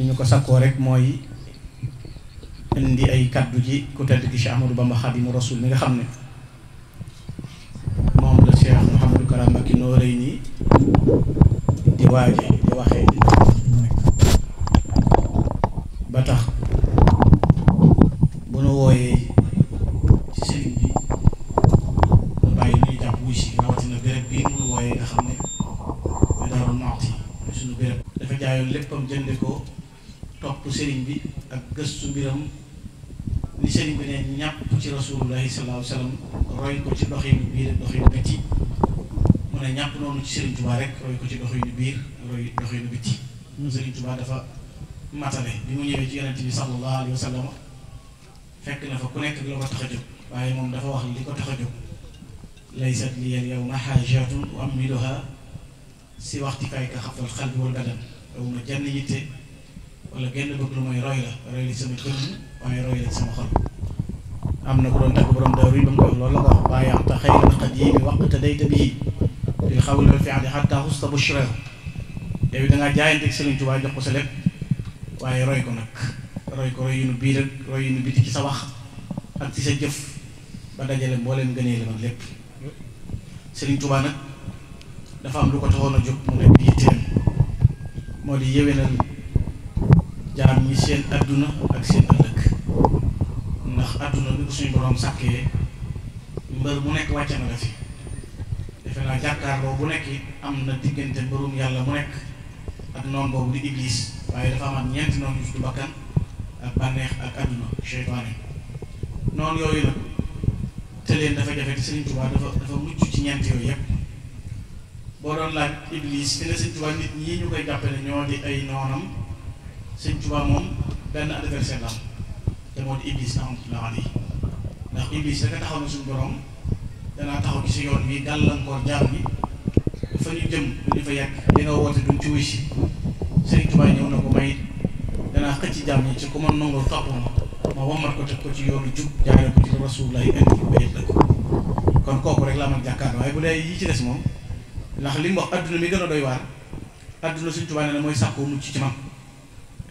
ni ñu ko sakkoo rek mooy indi ay kaddu ji ku tedd ba ma Ahmadou yi Xadimu Rasul mi nga xam ne moom la Cheikh Mouhamadou Karam Mbacké Noreyni di waaje di waxee ba tax bu nu wooyee topp bi ak gëstu mbiram ni sëriñ bi ne ñàpp ci rasulullahi sallallahu roy ko ci doxinu biir doxinu bitti mu ne ñàpp noonu ci sëriñ Tuubaa rek roy ko ci doxinu biir roy doxinu bitti sëriñ Tuubaa dafa matale bi mu ñëwee ci yonent bi sallallahu alayhi wasallam fekk na fa ku nekk la ko tax a jóg waaye moom dafa wax li ko tax a jóg laysat li al yawma haajatun u'ammiluha si waxti kay ka xafal xalbi wal badan yow ma jenn yitte wala genn bëgg lu mooy roy la roy waaye roy la sama xol am na ku doon tàgg borom daaru yi ba mu wax loolu la nga wax bàyyi am te xëy na xaj yi mi waqta day tabii dil xawul la fi andi xatta xusta bu shrew jox ko sa lépp waaye roy ko nag roy ko roy yu nu biir ak roy yu nu biti ci sa wax ak ci sa jëf ba dajale mbooleem gënee la man lépp Sëriñ Tuubaa nag dafa am du ko taxoon a jóg mu nekk yitteem moo jaam ñi seen adduna ak seen ëllëg ndax adduna bi ko suñu borom sàkkee mbër mu nekk wàcce na la fi defe naa jàkkaarloo bu nekk am na diggante mbërum yàlla mu nekk ak noon boobu di iblis waaye dafa amaat ñeenti noonu yu tudd bakkan ak bànneex ak adduna seytaane noonu yooyu nag te leen dafa jafe te Sëriñ Tuubaa dafa mucc ci ñeent yooyu yépp boo doon laaj iblis fi ne Sëriñ Tuubaa nit ñi ñu koy jàppale ñoo di ay noonam sëñ Tuubaa moom benn adversaire la am te moo di Iblis rahmatullahi alayhi taxaw na suñu borom danaa taxaw ci si yoon bi gàllankoor jaam bi fa ñu jëm duñu fa yàgg li nga woote duñ ñëw na ko may danaa xëcc jaam ñi ci ku ma nangoo topp ma ma wammat ko teg ko ci yoonu jub jaare ko ci Rasulullah indi bayit la kon kooku rek la amal jàkkaar waaye bu dee yi ci des moom ndax li mu wax adduna mi gën a doy waar adduna suñ Tuubaa ne mooy sàkkoo mucc ci man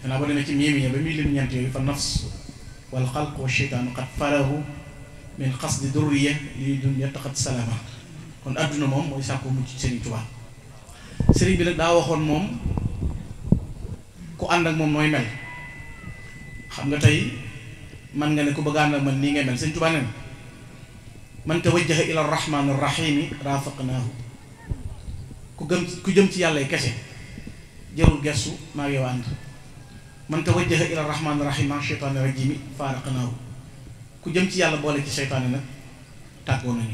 xanaa boo demee ci miimiya ba muy lim ñeent yooyu fa nafs wal xalq wa cheytaanu qad farahu min xasdi durriya li dun yattaqat salama kon adduna moom mooy sàkku mucc Serigne Touba Serigne bi nag daa waxoon moom ku ànd ak moom nooy mel xam nga tey man nga ne ku bëgg man nii ngay mel Serigne Touba ne man tawajjaha ila rahmaani rahimi raafaqnaahu ku gëm ku jëm ci yàlla kese jarul gestu maa ngi yow ànd man tawajjaha ila rahmaani rahim ak sheytaani rajimi faaraqnaahu ku jëm ci yàlla boole ci seytaane nag tàggoo nañu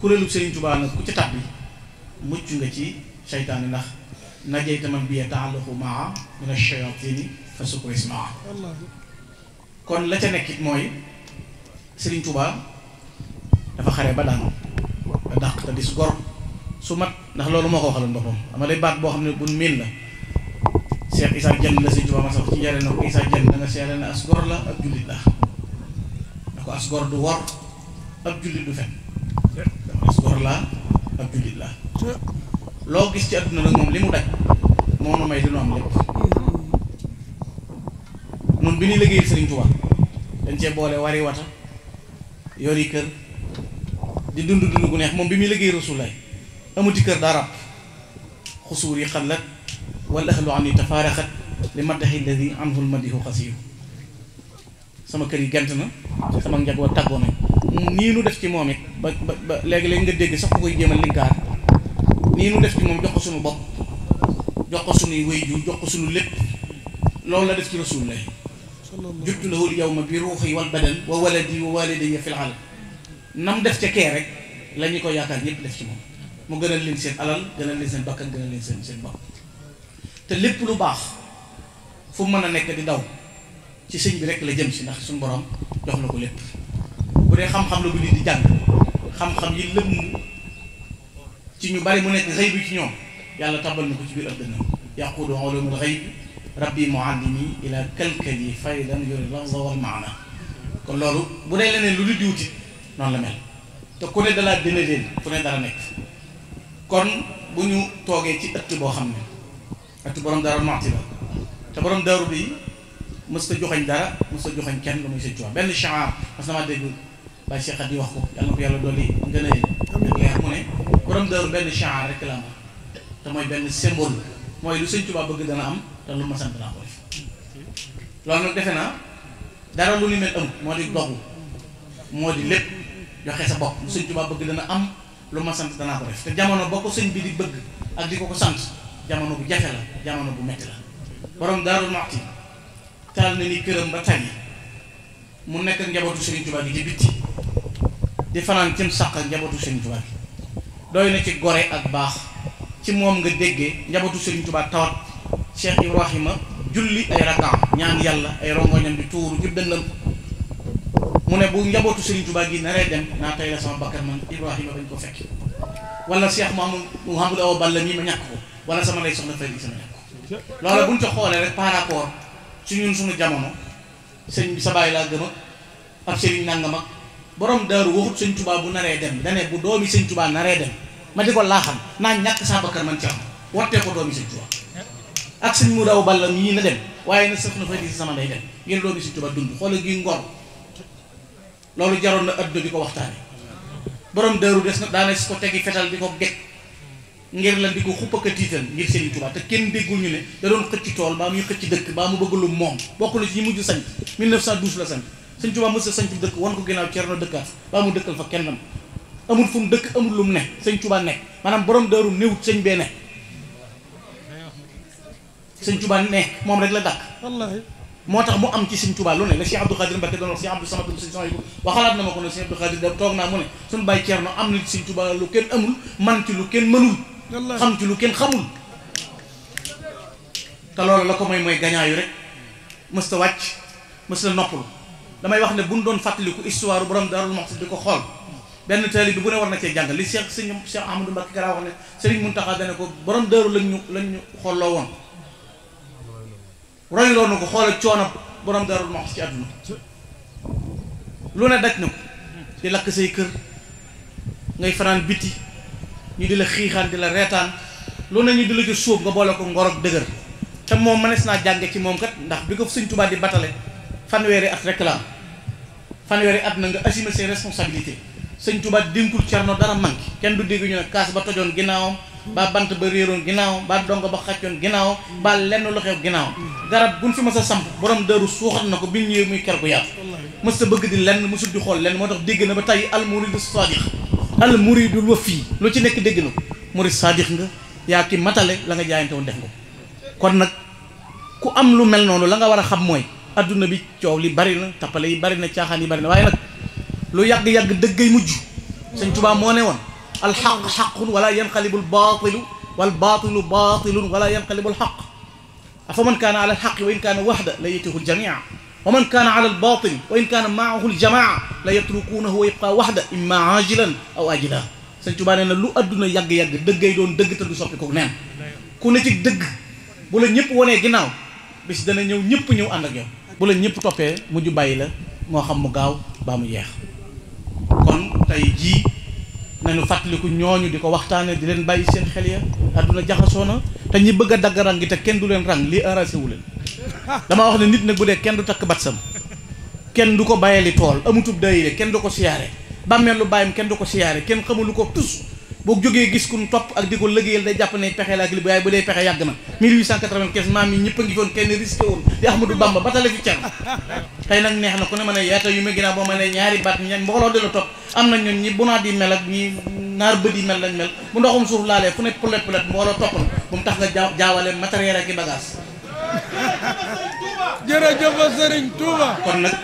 kuréelu Serigne Touba nag ku ci tàbbi mucc nga ci seytaane ndax najayta man bi yata'allaqu ma'a min ash-shayaatini fa suqris ma'a kon la ca nekkit mooy Serigne Touba dafa xare ba daanu ba dàq te dis gor su mat ndax loolu moo ko waxaloon boppam ama day baat boo xam ne buñ miin la. Cheikh Issa Diagne la sëñ Tuubaa ma sax ci njëriñ na ko Issa Diagne na nga seere ne as gor la ak jullit la na ko as du wor ab jullit du fen as la ab jullit la loo gis ci àdduna nag moom li mu daj moo nu may dina am lépp noonu bi ñuy liggéeyal sëriñ Tuubaa dañ cee boole wari wata yori kër di dund dund gu neex moom bi muy liggéey rasulaay amuti kër dara xusuur yi xalat wal ahlu an yi tafaaraxat li ma maddaxi alladi anhu lmadihu xasiyu sama kër yi gent na sama njaboot tàggoo nañ nii lu def ci moom it ba ba léegi-léegi nga dégg sax ku koy jéemal linkaar nii nu def ci moom jox suñu bopp jox ko suñuy wéyju jox ko suñu lépp loolu la def ci rasul lay juttu lahul yawma bi ruuxi wal badan wa waladi wa walidayya fil alam nam def ca kee rek la ñu ko yaakaar ñëpp def ci moom mu gënal leen seen alal gënal leen seen bakkan gënal leen seen seen te lépp lu baax fu mën a nekk di daw ci sëñ bi rekk la jëm si ndax suñu borom jox na ko lépp bu dee xam-xam la bu nit di jàng xam-xam yi lëm ci ñu bari mu nekk xëy bi ci ñoom yàlla tabal na ko ci biir ak dënam yaqudu ulumul xëy rabbi muallimi ila kalkali faydan yori lafza wal maana kon loolu bu dee leneen lu nit di wuti noonu la mel te ku ne dalaa dina leen ku ne dara nekk kon bu ñu toogee ci ëtt boo xam ne ak borom daaru Muxti la te borom daaru bi mës ta joxañ dara mës ta joxañ kenn lu muy sëñ Tuubaa benn chaar mas damaa dégg Baye Cheikh Khady wax ko yàlla na ko yàlla dolli ngën a ne rek la ma benn symbole mooy lu sëñ Tuubaa bëgg dana am te lu ma sant naa ko def loolu nag defe naa dara lu ni mel amut moo di dogu moo di lépp joxe sa bopp lu sëñ Tuubaa bëgg dana am lu ma sant danaa ko def te jamono boo ko sëñ bi di bëgg ak di ko ko sant jamono bu jafe la jamono bu metti la borom Daaru Muxti taal na ni këram ba tàyyi mu nekk ak njabootu Serigne Touba gi di bitti di fanaan cim sàq ak njabootu Serigne Touba gi doy na ci gore ak baax ci moom nga déggee njabootu Serigne Touba tawat Cheikh Ibrahima julli ay rakam ñaan yàlla ay rongoñam di tuuru jub dëndam mu ne bu njabootu Serigne Touba gi naree dem naa tey la sama bakkan man Ibrahima bañ ko fekk wala Cheikh Mamadou Mouhamadou Awa Balla mii ma wala sama lay soxna fay gi sama nekk bu buñ ca xoolee rek par rapport su ñun suñu jamono sëñ bi sa bàyyi laa gëm ak ab sëriñ nangam ak borom daaru waxut sëñ tubaa bu naree dem dane bu doomi sëñ tubaa naree dem ma di ko laa xam naa ñàkk saa bakkar man ci am wattee ko doomi sëñ tubaa ak sëñ mu daw balla ñii na dem waaye na soxna fay gi sama lay dem ngeen doomi sëñ tubaa dund xoola gi ngor loolu jaroon na adduna di ko waxtaane borom daaru des na daana si ko tegi fetal di ngir lan di ko xupp ak a tiital ngir Serigne Touba te kenn déggul ñu ne da doon xëcc tool baa muy xëcc dëkk baa mu bëgg lu moom bokk na ci ñi mujj sañ 1912 la sañ Serigne Touba mos a sañ ci dëkk wan ko ginnaaw Cerno dëkkaat baa mu dëkkal fa kennam amul fu mu dëkk amul lu mu ne Serigne Touba nekk maanaam borom daaru néewut sëñ bee ne Serigne Touba ne moom rek la dàkk moo tax mu am ci Serigne Touba lu ne la Cheikh Abdou Khadir Mbacké doon wax Cheikh Abdou Samad Serigne Souhaïbou waxalaat na ma ko ne Cheikh Abdou Khadir da toog naa mu ne suñu bàyyi Cerno am na ci Serigne Touba lu kenn amul man ci lu kenn mënul xam ci lu kenn xamul te loolu la ko mooy mooy gañaayu rek mës wàcc mës ta noppul damay wax ne bu buñ doon fàttaliku histoire borom Daaru Muxti di ko xool benn taalibe bi bu ne war na cee jàng li Cheikh sëñ Cheikh Amadou Mbacké Kara wax ne Sëriñ Muntaxa dana ko borom Daaru lañ ñu lañ ñu xooloo woon roy na ko xoole coono borom Daaru Muxti ci àdduna lu ne daj na ko di lakk say kër ngay fanaan biti ñu di la xiixaan di la reetaan lu ne ñu di la ci suub nga boole ko ngor ak dëgër te moom mënees naa jànge ci moom kat ndax bi ko Sëñ Tuubaa di batale fanweeri at rek la fanweeri at na nga assumer ses responsabilités Sëñ Tuubaa dénkul Cerno dara manqué kenn du dégg ñu ne kaas ba tojoon ginnaawam ba bant ba réeroon ginnaawam ba dong ba xàccoon ginnaawam ba lenn lu xew ginnaawam garab gun fi mas a samp borom dëru suuxat na ko bi ñëwee muy ker xool lenn moo dégg na ba tey almuridu sadiq al muridul wafi lu ci nekk dégg na ko murid saadix nga yaa ki matale la nga jaayante woon def nga kon nag ku am lu mel noonu la nga war a xam mooy adduna bi coow li bari na tappale yi bari na caaxaan yi bari na waaye nag lu yàgg-yàgg dëggay mujj sëñ Tuubaa moo ne woon alxaq xaqun wala yanqalibul baatilu wal baatilu baatilun wala yanqalibul xaq afa man kaana ala alxaqi wa in kaana waxda la yetihul jamia wa man kaana ala albatin wa in kaana maahu aljamaa la yatrukuunahu wa yabqa waxda imma ajilan aw ajila sëñ Tuubaa na lu adduna yàgg-yàgg dëgg doon dëgg te du soppi ko neen ku ne ci dëgg bu la ñëpp wanee ginnaaw bis dana ñëw ñëpp ñëw ànd ak yow bu la ñëpp toppee mujj bàyyi la moo xam mu gaaw baa mu yeex kon tey jii nañu fàttaliku ñooñu di ko waxtaane di leen bàyyi seen xel ya adduna jaxasoo te ñi bëgg a dagg rang gi te kenn du leen rang lii arrangé wu leen damaa wax ne nit nag bu dee kenn du takk batsam kenn du ko bayali tool amutub dayire kenn du ko siyaare bàmmeel lu bàyyam kenn du ko siyaare kenn xamulu ko tus boo jógee gis kun topp ak di ko liggéeyal day jàpp ne pexe la ak li waaye bu dee pexe yàgg na 1895 maam yi ñëpp a ngi foon kenn risqué woon di Ahmadou Bamba fi cer tey nag neex na ku ne ma ne yaata yu ma ginnaaw boo ma ne ñaari baat ña mbooloo di la topp am na ñun tax nga jaaw jaawale matériel ak jërëjëf Serigne Touba. kon nag.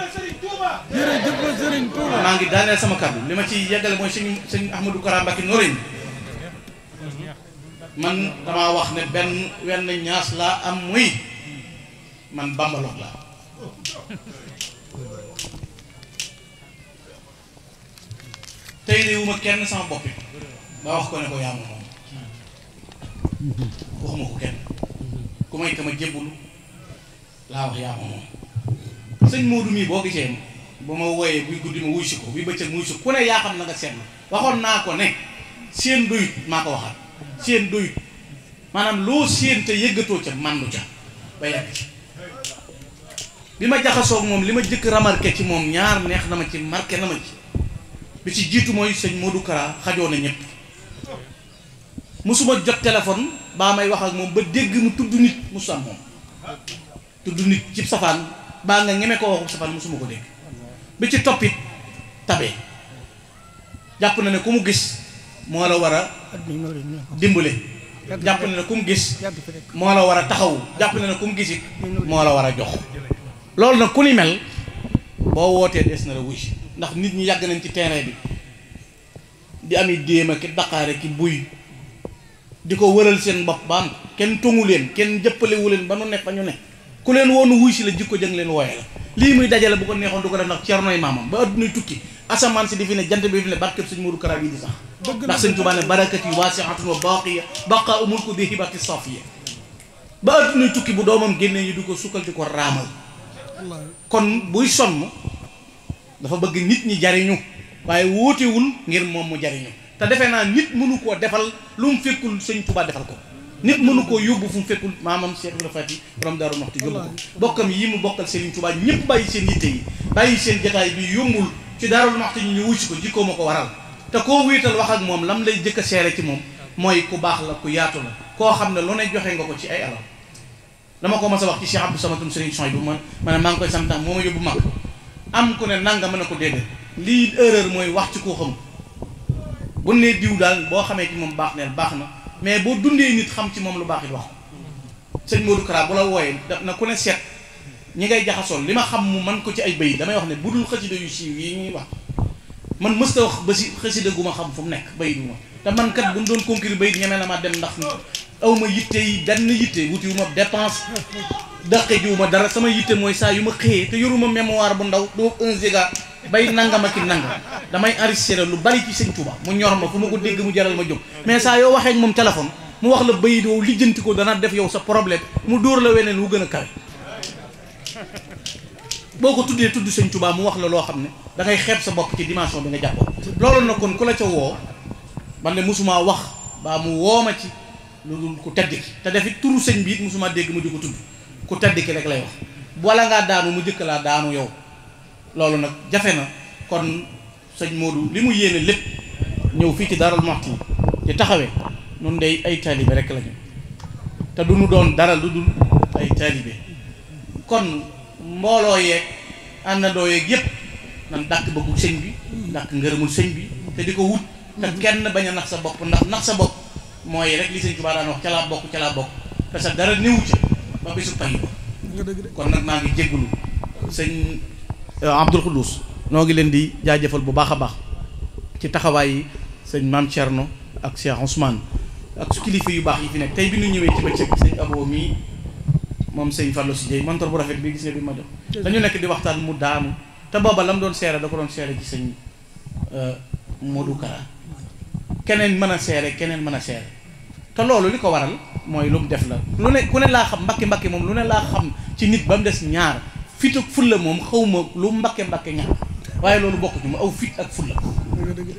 jërëjëf Serigne Touba. maa ngi daaneel sama kàddu li ma ci yeggale mooy sëñ sëñ Ahmadou Kara Mbacké Noreyni man damaa wax ne benn wenn ñaas laa am muy man bambalox laa tey de kenn sama boppi ba wax ko ne ko yaa moom waxuma ko kenn ku may ka ma jébbalu laa wax yaa ma moom sëñ Moodu mii boo gisee ba ma wooyee buy guddi ma wuy si ko buy bëccëg wuy si ku ne yaa xam na nga seetlu waxoon naa ko ne seen doyut maa ko waxaat seen doyut maanaam loo seen te yëggatoo ca mandu ca ba yàgg ci bi ma jaxasoog moom li ma jëkk remarqué ci moom ñaar neex na ma ci marqué na ma ci bi ci jiitu mooy sëñ Modou Kara xajoo na ñëpp musuma jot téléphone baa may wax ak moom ba dégg mu tudd nit musu am moom tudd nit cib safaan baa nga ñeme ko waxu safaan musuma ko dégg bi ci toppit tabee jàpp na ne ku mu gis moo la war a dimbale jàpp na ne ku mu gis moo la war a taxaw jàpp na ne ku mu gisit la war a jox loolu na ku ni mel boo wootee des na la wuy ndax nit ñi yàgg nañ ci terrain bi di ami déem a ki daqaare ki buy di ko wëral seen bopp ba am kenn tungu leen kenn jëppalewu leen ba nu nekk fa ñu ne ku leen woonu wuy si la jikko jëng leen wooye la lii muy dajale bu ko neexoon du ko def ndax ceernoy maamam ba addunay tukki asamaan si di fi ne jant bi fi ne barkeb sëñ Modou Kara yi di sax ndax sëñ Tuubaa ne barakat yi waasiatun wa baaqiya ko di hibati safiya ba addunay tukki bu doomam génnee ñu du ko sukkal di ko raamal kon buy sonn dafa bëgg nit ñi jariñu waaye wóotewul ngir moom mu jariñu te defe naa nit mënu koo defal lu mu fekkul sëñ Tuubaa defal ko nit mënu koo yóbbu fu mu fekkul maamam Cheikh Ibra Fati borom Daaru Muxti yóbbu ko bokkam yi mu bokkal Sëriñ Tuubaa ñëpp bàyyi seen yitte yi seen jataay bi yombul ci Daaru Muxti ñu wuy si ko jikkoo ma ko waral te koo wiital wax ak moom lam lay jëkk seere ci moom mooy ku baax la ku yaatu la koo xam ne lu ne joxe nga ko ci ay alal dama ko mas a wax ci Cheikh Abdou Samatum Sëriñ Soy bu ma ma ne maa ngi koy sant moo ma yóbbu mag am ku ne nanga mën a ko dégg lii erreur mooy wax ci koo xam bu nee diw daal boo xamee ci moom baax neel baax na mais boo dundee nit xam ci moom lu baax it wax sëñ Modou Kara bu la wooyee na ku ne seet ñi ngay jaxasoon li ma xam mu man ko ci ay bayit damay wax ne budul xasida yu siiw yi ñuy wax man mës ta wax ba si xasida gu ma xam fu mu nekk bayit wu ma te man kat bu ñu doon conclure bayit ñeme na ma dem ndax aw ma yitte yi benn yitte wuti wu ma dépense daqe jiwu ma dara sama yitte mooy saa yu ma xëyee te yoruma mémoire bu ndaw doo un giga bay nangam ak i damay enregistré lu bari ci sëñ Touba mu ñor ma fu ma ko dégg mu jaral ma jóg mais saa yoo waxee ak moom téléphone mu wax la bayit wow lijjanti ko dana def yow sa problème mu dóor la weneen wu gën a kawe boo ko tuddee tudd sëñ Touba mu wax la loo xam ne da ngay xeeb sa bopp ci dimension bi nga jàppoo loolu nag kon ku la ca woo man de mosumaa wax baa mu woo ma ci lu dul ku tedd ki te def defit turu sëñ bi it dégg mu di tudd ku tedd rek lay wax ngaa daanu mu jëkk laa daanu yow loolu nag jafe na kon sëñ Modou li mu yéene lépp ñëw fii ci Darou Mouhty di taxawee nun day ay taalibe rek lañu te du ñu doon dara lu dul ay taalibe kon mbooloo yee yeeg àndandoo yeeg yépp nan dàkk bëggu sëñ bi dàkk ngërëmul sëñ bi te di ko wut te mhm. kenn bañ a nax sa bopp ndax nax sa bopp mooy rek li sëñ Tuubaa daan wax ca laa bokk ca laa bokk te sa dara néew ca ba bisu pay ba kon nag maa ngi jéggulu sëñ Euh, Abdul Xuddus noo ngi leen di jaajëfal bu baax a baax ci taxawaay sëñ maam Thierno ak Cheikh Ousmane ak su kilifa yu baax yi fi nekk tey bi ñu ñëwee ci bëccëg sëñ Abo mii moom sëñ Fallou si Dieye montor bu rafet bi gis nga bi ma jox dañu nekk di waxtaan mu daamu te booba la mu doon seere da doon seere ci sëñ euh, Modou Kara keneen mën a seere keneen mën a seere te loolu li ko waral mooy lu mu def la lu ne ku ne laa xam mbakki mbakki moom lu ne laa xam ci nit ba mu des ñaar fit ak fulla moom xaw ma lu mbakke mbakke ñax waaye loolu bokk ci ma aw fit ak fulla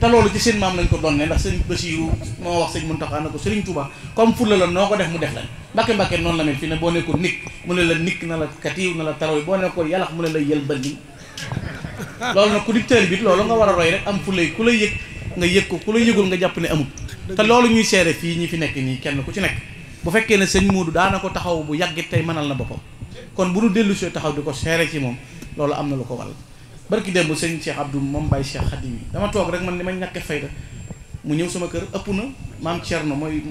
te loolu ci seen maam lañ ko doon ne ndax seen Basiiru moo wax sëñ Muntaxa na ko sëriñ comme fulla la noo ko def mu def lañ mbakke mbakke noonu la mel fi ne boo ne ko nikk la nikk na boo ne ko yalax mu ne la yël bëndi loolu bi loolu nga war a roy am fulla ku lay yëg nga yëg ko ku nga jàpp ne amul te loolu ñuy seere fii ñi fi nekk nii kenn ku ci nekk bu fekkee ne sëñ daana ko taxaw bu yàggit tey mënal na boppam kon bu nu dellu see taxaw di ko seere ci moom loolu am na lu ko waral barki démb sëñ Cheikh Abdou moom Baye Cheikh Khadim yi dama toog rek man ni ma ñàkk fayda mu ñëw sama kër ëpp na maam Thierno mooy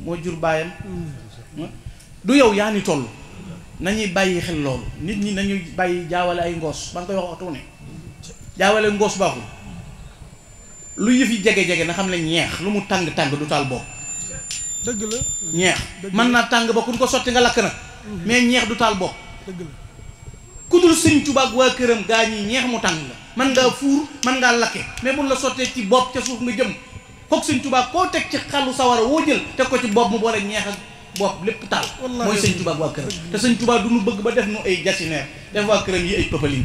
moo jur baayam mm. yow yaa ni toll nañuy bàyyi loolu nit ñi nañuy bàyyi jaawale ay ngoos ba ko koy wax ne jaawale ngoos baaxul lu yëf jege-jege na xam ne ñeex lu mu tàng-tàng du taal bopp dëgg la ñeex mën naa tàng ba kun ko sotti nga lakk na mais ñeex du taal bopp ku dul sëñ Tuubaa waa këram gaa ñi ñeex mu tàng la man ngaa fuur man ngaa lakke mais buñ la sottee ci bopp ca suuf nga jëm kook sëñ Tuubaa koo teg ci xalu sawara woo jël teg ko ci bopp mu boole ñeex ak bopp lépp taal mooy sëñ Tuubaa ak waa këram te sëñ bëgg ba def nu ay jasineer def waa këram yi ay pëpalin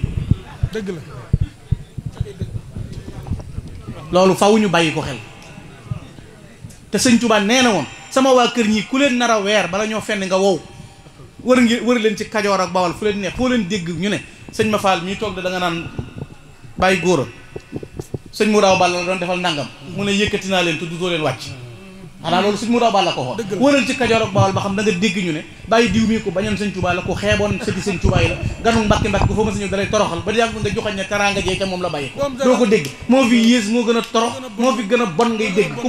dëgg la loolu faw ñu bàyyi ko xel te sëñ Tuubaa nee na woon sama waa kër ñi ku leen nar a weer bala ñoo fenn nga wow wër ngi wër leen ci kajoor ak bawal fu leen neex foo leen dégg ñu ne sëñ ma faal mii toog da naan bàyyi góor a sëñ mu raaw bàll la doon defal ndàngam mu ne yëkkati naa leen te du doo leen wàcc xanaa loolu sëñ mu raaw bàll la ko xool wëral ci kajoor ak bawal ba xam da dégg ñu ne bàyyi diw mii ko bañoon sëñ Tuubaa la ko xeeboon sëñ Tuubaa la ganu mbàkki mbàkki foo ma sañu dalay toroxal ba yàgg nga joxañ ne teraanga jee ca moom la a torox moo fi gën a bon ngay dégg